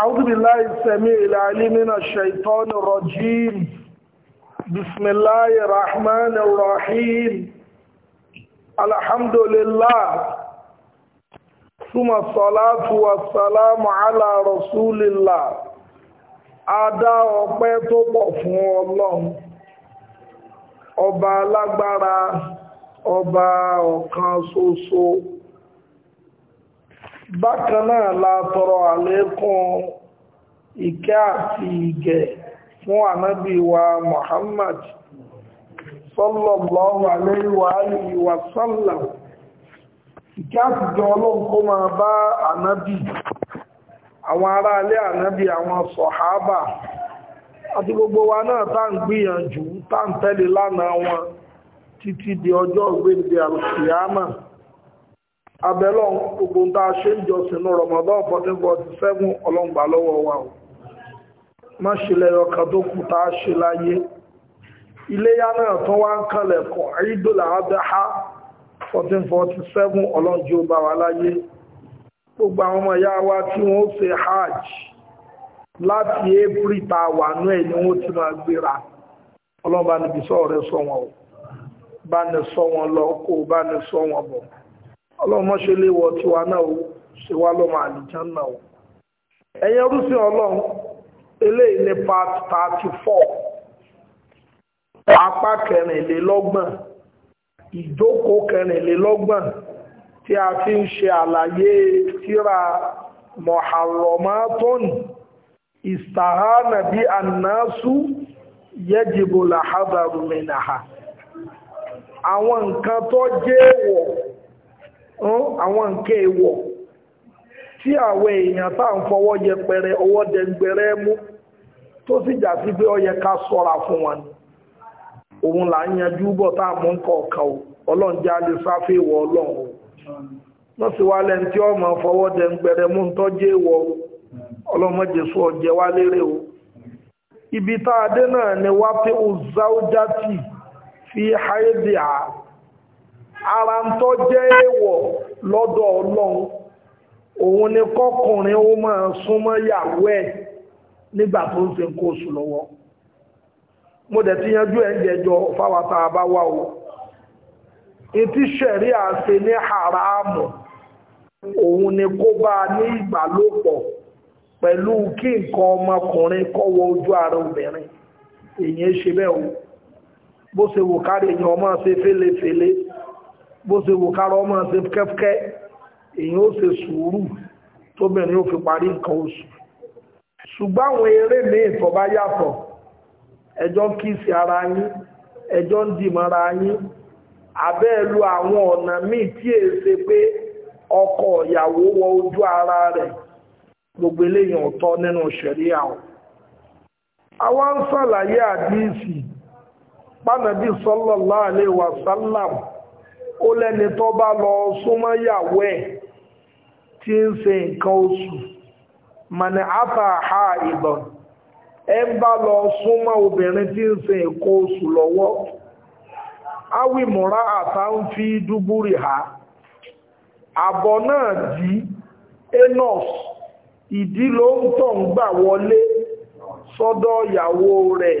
أعوذ بالله السميع العليم من الشيطان الرجيم بسم الله الرحمن الرحيم الحمد لله ثم الصلاة والسلام على رسول الله Adá ọpẹ́ tó pọ̀ fún Ọlọ́run, ọba alágbára, bákan náà la tọrọ àlékún ìkẹ́ àti ìgẹ̀ fún ànábì wa Muhammad sallallahu alayhi wa sallam ìkẹ́ àti jọ ọlọ́run kó bá ànábì àwọn ará anabi ànábì àwọn sọ̀hábà àti gbogbo wa náà tá ń gbìyànjú tá ń tẹ̀lé lánàá wọn títí di ọjọ́ ògbéǹde àlùkìyámà abẹ́lọ́ gbogbo tá a ṣe ń jọsìn Ramadan 1447 ọlọ́ngbà lọ́wọ́ wa o má ṣe lẹ́yọ kan tó kù tá a ṣe láyé iléyá náà tán wá ń kalẹ̀ kọ̀ àyídòlà adáhá 1447 ọlọ́njẹ́ ó bá wa láyé gbogbo àwọn ọmọ ìyá wa tí wọ́n ṣe hajj láti april ta wà ní ẹ̀ ni wọ́n ti máa gbéra ọlọ́nbà níbi sọ́ọ̀rẹ́ sọ wọn o bá ní sọ wọn lọ kó bá ní sọ wọn bọ̀ ọlọ́mọ ṣe lè wọ tiwa náà o ṣe wá lọ́mọ àlìjá náà o ẹ̀yẹ rúsí ọlọ́run eléyìí ní part thirty four apá kẹrìnlélọ́gbọ̀n ìjókòó kẹrìnlélọ́gbọ̀n tí a fi ń ṣe àlàyé tíra mọ̀hàrọ̀mátọ́nì ìsàhánà bí ànásù yẹ́jìbò làhábàrùmẹ̀nàhà àwọn nǹkan tó jẹ́ èèwọ̀ àwọn nke èèwọ̀ tí àwọn èèyàn tá à ń fọwọ́ yẹpẹrẹ ọwọ́ dẹ̀ngbẹ̀rẹ̀ mú tó sì jà pé yẹ ká sọ́ra fún wọn ni là ń bọ̀ tá à mú nǹkan ọ̀kan o ọlọ́run já lè sáfẹ́ ìwọ̀ ọlọ́run o wọ́n sì wá lẹ́ni tí ọmọ fọwọ́ mú lérè o ara ń tọ́ jẹ́ èèwọ̀ lọ́dọ̀ ọlọ́run òun ni kọkùnrin ó máa súnmọ́ yàwó ẹ̀ nígbà tó ń ṣe nǹkan oṣù lọ́wọ́ mo dẹ̀ ti yanjú ẹ̀ ń jẹjọ fáwọn tá a bá o etí ṣẹ̀rí àṣe ní haramu òun ni kó bá ní ìbálòpọ̀ pẹ̀lú kí nǹkan ọmọkùnrin kọ́wọ́ ojú ara obìnrin èyí ṣe bẹ́ẹ̀ o bó ṣe wò kárí èyàn ọmọ ṣe fẹ́lẹ́fẹ́lẹ́ bó ṣe wò kára ọmọ ṣe fúkẹ́fúkẹ́ èyàn ó ṣe sùúrù tóbìnrin ó fi parí nǹkan oṣù ṣùgbọ́n àwọn eré míì tó ara yín ẹjọ́ ń dìmọ́ra yín lu àwọn ọ̀nà míì tí è ṣe pé ọkọ ìyàwó wọ ojú ara rẹ̀ gbogbo eléyìí ọ̀tọ̀ nínú àwọn. àwọn ń ṣàlàyé ó lẹ́ni tó bá lọ súnmọ́ yàwó ẹ̀ tí ń ṣe nǹkan oṣù mani afa ha ìbọn ẹ ń bá lọ súnmọ́ obìnrin tí ń se nǹkan oṣù lọ́wọ́ awimura ata ń fi dúbúrì ha àbọ̀ náà di enos ìdí ló ń tọ̀ ń gbà wọlé sọ́dọ̀ ìyàwó rẹ̀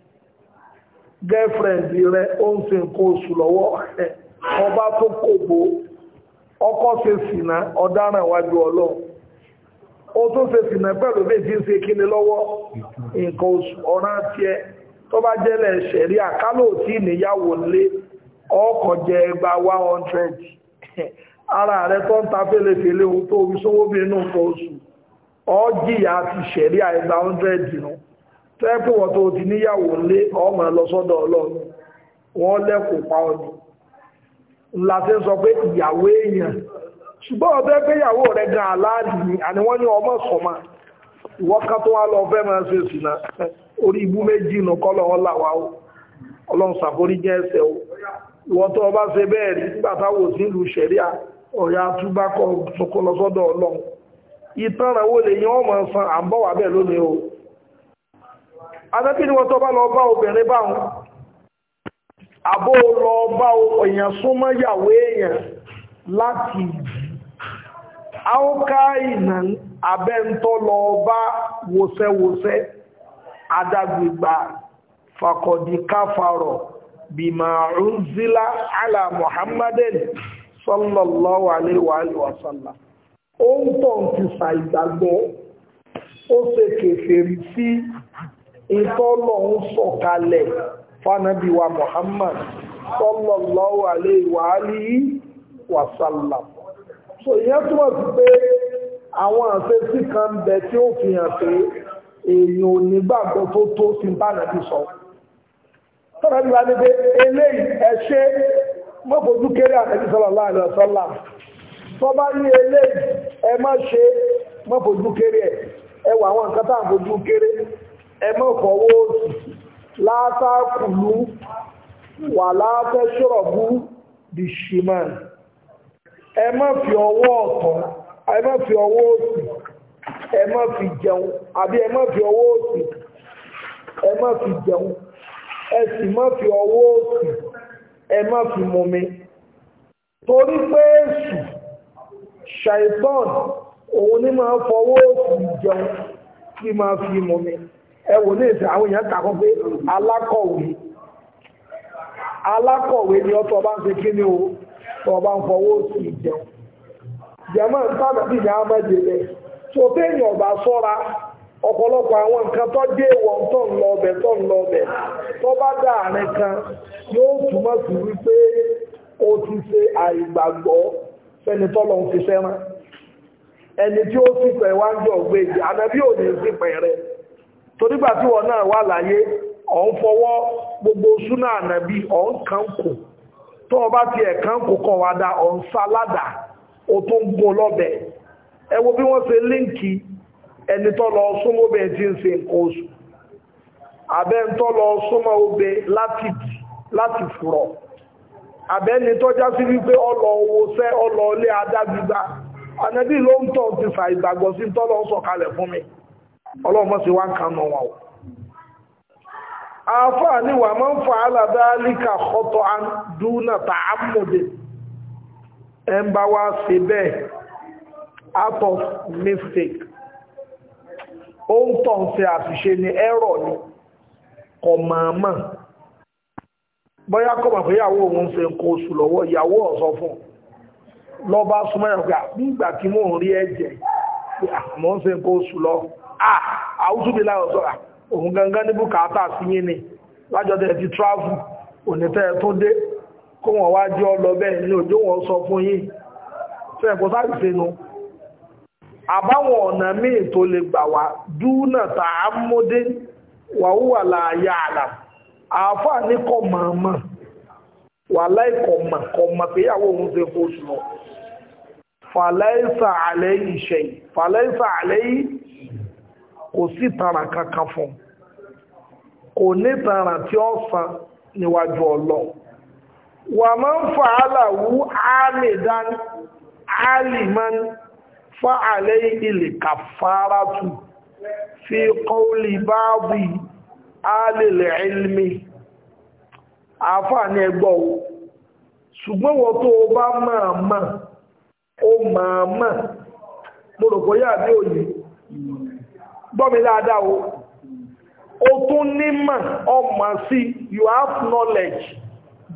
girlfriend rẹ ó ń ṣe nǹkan oṣù lọ́wọ́ ọba tó kòbó ọkọ ṣe sìnà ọ̀daràn ọlọ́run ó tún ṣe sìnà pẹ̀lú bí ń ṣe kíni lọ́wọ́ nǹkan oṣù ọ̀ràn tó bá jẹ́lẹ̀ ṣẹ̀rí àkálò tí ìníyàwó lé ọkọ̀ jẹ ẹgbàá one hundred ara rẹ tó ń ta fẹ́lẹ́fẹ́lẹ́ ohun tó omi sówó bí inú nǹkan oṣù ọ jìyà ti ṣẹ̀rí àìgbà one nù. tẹ́pù wọ́n tó ti níyàwó lé ọmọ lọ ọlọ́run wọ́n lẹ́kùn pa ọdún ńlá sọ pé ìyàwó èèyàn ṣùgbọ́n ọ̀tẹ́ pé ìyàwó rẹ̀ gan aláàdì ni àni wọ́n ní ọmọ sọ̀mà ìwọ́ká tó wá lọ fẹ́ máa ṣe sùnà orí ibú méjì nù kọ́lọ̀ wọn làwà ó ọlọ́run ṣàforí jẹ́ ẹsẹ̀ tó ọba ṣe bẹ́ẹ̀ rí nígbà táwọn òsì ìlú ṣẹ̀ríà ọ̀yà túbákọ̀ adákí ni wọ́n tó bá lọ bá obìnrin báhùn àbó lọ bá èèyàn súnmọ́ yàwó èèyàn láti áóká ìnà abẹ́ntọ́ lọ bá wòsẹ́wòsẹ́ adágbègbà ala muhammadin sallallahu o ó ń tọ́ ti sàìgbàgbọ́ ìtọ́lọ̀ ń sọ̀kalẹ̀ fánàbíwa Muhammad sallallahu alayhi wa alihi wa sallam so ìyẹn túmọ̀ sí pé àwọn àṣẹ́sí kan ń bẹ tí ó fi hàn pé èèyàn ò nígbàgbọ́ tó tó sí bánàbí sọ tọ́nàbí àwọn nǹkan tá à kéré ẹ má fọwọ́ òsì látàkùlú wà látẹ́sọ̀rọ̀bù di ṣìmán ẹ má fi ọwọ́ ọ̀tún ẹ má fi ọwọ́ òsì ẹ má fi jẹun àbí ẹ má fi ọwọ́ òsì ẹ má fi jẹun ẹ sì fi ọwọ́ òsì ẹ fi mumi torí pé èsù ṣàìtàn òun ní máa fọwọ́ òsì jẹun kí máa fi mumi ẹwò ní ìsìn àwọn èèyàn kàkọ́ pé alákọ̀wé alákọ̀wé ni ọ́ tọba ń ṣe kí ni o tọba ń fọwọ́ sí ìjẹun jẹ́mọ́ sábàbí ní àmọ́jẹ rẹ̀ tó téèyàn ọ̀bà sọ́ra ọ̀pọ̀lọpọ̀ àwọn nǹkan tó dé ìwọ̀n tó ń lọ ọbẹ̀ tó ń lọ ọbẹ̀ tó bá dá àárín kan yóò túmọ̀ sí wípé ó ti ṣe àìgbàgbọ́ fẹ́ni tọ́lọ ń fi fẹ́ràn ẹni tí ó sì pẹ̀ wá ń jọ gbé ìdí àdàbí ò ní pẹ̀ rẹ̀ torígbà tí wọ́n náà wà láyé ọ̀n fọwọ́ gbogbo súnà ànàbí ọ̀n kankù tó o bá tiẹ̀ kankù kan wá dá ọ̀n sáládà o tó ń gun lọ́bẹ̀ ẹ wo bí wọ́n ṣe líǹkì ẹni tó lọ súnmọ́ obìnrin tí ń ṣe nǹkan oṣù abẹ́ ń tó lọ súnmọ́ obìnrin láti dì láti fùrọ̀ àbẹ́ni tó já sí wípé ọlọ owóṣẹ́ ọlọ ilé adágbígbá ànàbí ló ń tọ́ ti fà ìgbàgbọ́ sí tọ́lọ́ sọ̀kalẹ̀ fún mi. ọlọ́mọ sí wá ń kan nù wọn o àáfàá ni wà máa ń fa aládàálíkà ọ̀tọ̀ dúnà tá a mọ̀dé ẹ̀ wá ṣe bẹ́ẹ̀ out of mistake ó ń tọ̀ ń àṣìṣe ni ẹ̀rọ ni kọ̀ màmá bóyá kọ̀ màmá ìyàwó òun ṣe nǹkan oṣù lọ́wọ́ ìyàwó ọ̀sọ́ fún lọ́ba súnmọ́ ẹ̀rọ pé nígbà tí mò ń rí ẹ̀jẹ̀ àmọ́ ah, ń ṣe nǹkan oṣù lọ́wọ́ Ah, àwùsùbìlà ọ̀sọ́ra ah, òun gangan ní bùkátà sí yín ni lájọ́dẹ̀ ti travel ònítẹ́ tó dé kó wọ́n wá jẹ́ ọlọ bẹ́ẹ̀ ní òjò wọn sọ fún yín fẹ́ẹ̀kọ́ sáàrì sínú àbáwọn ọ̀nà míì tó lè gbà wá dúnà tààmúdé wàhúwà láàyà àlà àáfà ní kọ̀ kò sí tara kankan fún kò ní tara tí ó san níwájú ọlọ́run wà máa ń fa aláwú ámìdán alìmán fa àlẹ́ ilẹ̀ kàfàràtù fi kọ́ọ̀lì báàbì alìlẹ̀ ilmi àáfàá ní ẹgbọ́ o ṣùgbọ́n wọ́n tó o bá máa mọ̀ o máa mọ̀ mo rò bóyá òyìn gbọ́mi dáadáa o o tún nímọ̀ ọmọ sí you have knowledge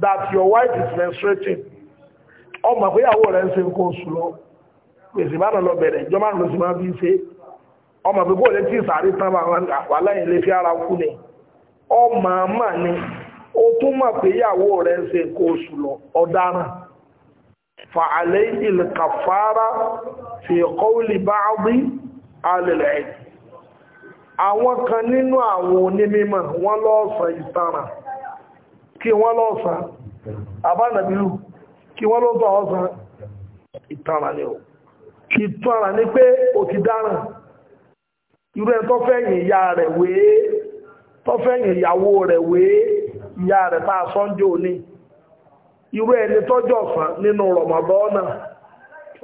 that your wife is menstruating ọmọ péyàwó rẹ̀ ń ṣe nǹkan oṣù lọ pèsè bá lọ bẹ̀rẹ̀ ìjọba ló sì máa fi ṣe ọmọ pé kó lè tí ìsàrí tán bá wà láyìn lè fi ara kú ni ọmọ àmà ni ó tún mọ̀ péyàwó rẹ̀ ń ṣe nǹkan oṣù lọ ọ̀daràn fàálẹ́ ìlkàfàárà fi kọ́wìlì bá ọdún alẹ́lẹ́ àwọn kan nínú àwọn wọn wọ́n lọ́ọ̀sán ìtara kí wọ́n lọ́ọ̀sán àbánàbílù kí wọ́n lọ́ọ̀sán ọ̀sán ìtara ni ó kì tọ́ra ní pé ó ti dáràn irú ẹ tó fẹ̀yìn ìyá rẹ̀ wéé tó fẹ̀yìn ìyàwó rẹ̀ wéé ìyá rẹ̀ tá a sọ́njẹ́ òní irú ẹni tọ́jọ́ ọ̀sán nínú rọ̀mọ̀bọ́ náà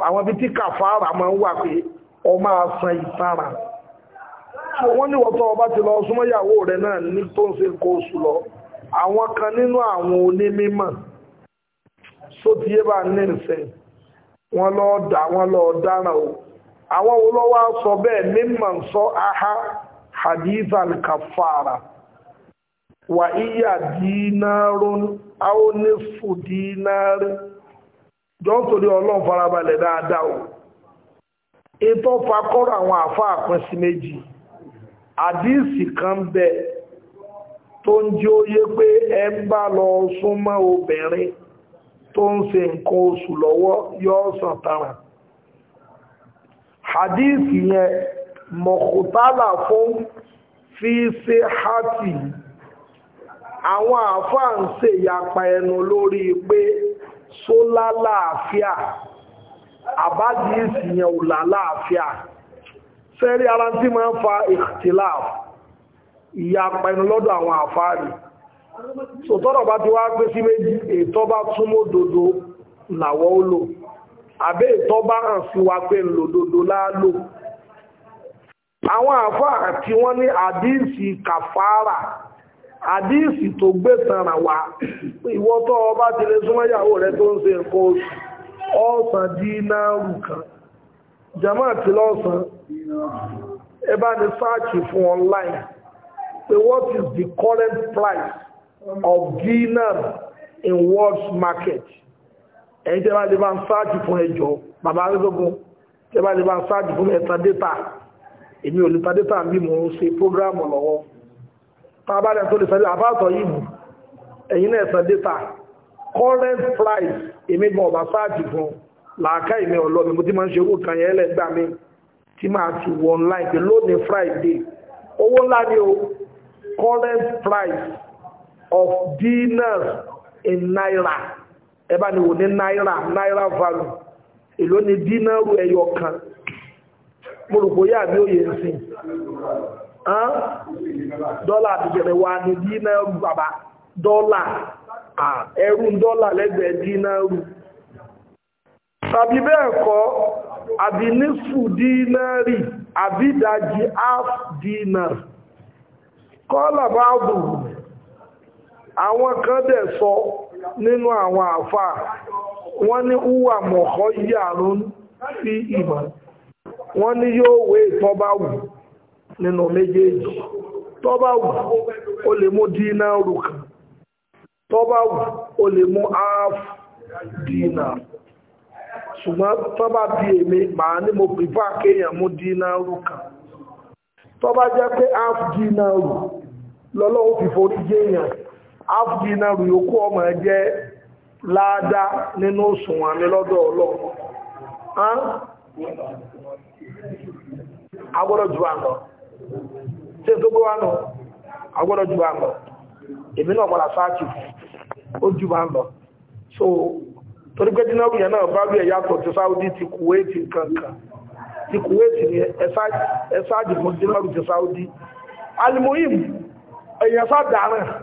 àwọn ibi tí ara máa ń wà pé ọmọ àsan ìtara wọ́n ní wọ́tọ̀ ọba ti lọ súnmọ́yàwó rẹ̀ náà ní tó ń ṣe kó oṣù lọ àwọn kan nínú àwọn ti onímímọ̀ sótìyébà ní ìsìn wọ́n lọ dá wọ́n lọ dáràn o àwọn wo ló sọ bẹ́ẹ̀ mímọ̀ sọ aha Hadiza al-kafara wà íyà dínárún áwọn onífù dínárín jọ ń torí ọlọ́run farabalẹ̀ dáadáa o ètò fakọ́rọ̀ àwọn àfa àpín sí méjì àdíìsì kan bẹ tó ń jí óyé pé ẹ ń bá lọ súnmọ́ obìnrin tó ń ṣe nǹkan oṣù lọ́wọ́ yóò sàn tààrà àdíìsì yẹn mọ̀kútálà fún fi ṣe hátì àwọn àáfàá ń ṣe ìyapa ẹnu lórí pé sólá láàfíà yẹn ò là La sẹ́rí ara tí máa ń fa ìtìláàf ìyapa ẹnu lọ́dọ̀ àwọn àfáàrí sòtọ́rọ̀ bá ti wá pé sí méjì ètò bá túnmọ̀ dodo làwọ́ ó lò àbẹ́ ètò bá hàn sí wa pé ńlò dodo láálò àwọn àfáà tí wọ́n ní àdíìsì kàfàárà àdíìsì tó gbé tanra wa ìwọ́tọ́ ọba ti lè súnmọ́ ìyàwó rẹ̀ tó ń ṣe nǹkan oṣù ọ̀sán dínárù kan jama àti lọ́sàn ẹ bá ní sáàkì fún online pé what is the current price of dinar in world market ẹ̀yin tẹ́ bá lè bá ń sáàkì fún ẹjọ́ bàbá arẹ́gbẹ́gun tẹ́ bá lè bá ń sáàkì fún ẹ̀ta data èmi ò lè ta data bí mo ń ṣe prógrámù lọ́wọ́ tá bá lè tó lè sáré àbáàtọ̀ yìí mú ẹ̀yin náà ẹ̀ta data current price èmi gan ọ̀bá sáàkì fún làákà ìmẹ̀ ọlọ́mi mo ti máa ń ṣe owó kan yẹn lẹ́gbà mi tí máa ti wọ online pé lónìí friday owó ńlá ni o current price of dinars in naira ẹ bá ní ní naira naira value èló ni dínárù ẹyọ kan mo rò bóyá àbí òye ń sìn dọ́là àbìjẹ̀rẹ̀ wa ni dínárù bàbá dọ́là ẹrù dọ́là lẹ́gbẹ̀ẹ́ dínárù tàbí bẹ́ẹ̀ kọ́ àbí nífù dínárì àbí ìdajì half dinar kọ́lá bá bù àwọn kan dẹ̀ sọ nínú àwọn àfáà wọ́n ní húwà mọ̀kọ́ yàrún sí ìmọ̀ wọ́n ní yóò wé tọ́bá wù nínú méjèèjì tọ́bá wù ó lè mú dínárù kan tọ́bá wù ó lè mú half ṣùgbọ́n bụ bá bí èmi màá ní mo dị kéèyàn mú dínárù kan tó bá jẹ́ pé half dínárù lọ́lọ́wọ́ fi forí jẹ́yàn half dínárù yòókù ọmọ jẹ́ láàdá nínú òṣùwọ̀n mi lọ́dọ̀ ọlọ́run agbọ́dọ̀ jù àlọ́ tí tó gbé wá nù agbọ́dọ̀ jù èmi náà bá ń lọ so torí pé dínà òyìn náà bá rí ẹ̀ yàtọ̀ ti Saudi ti Kuwaiti kankan ti Kuwaiti ni ẹ̀sáàjì fún dínà ti Saudi alimoyim èèyàn sá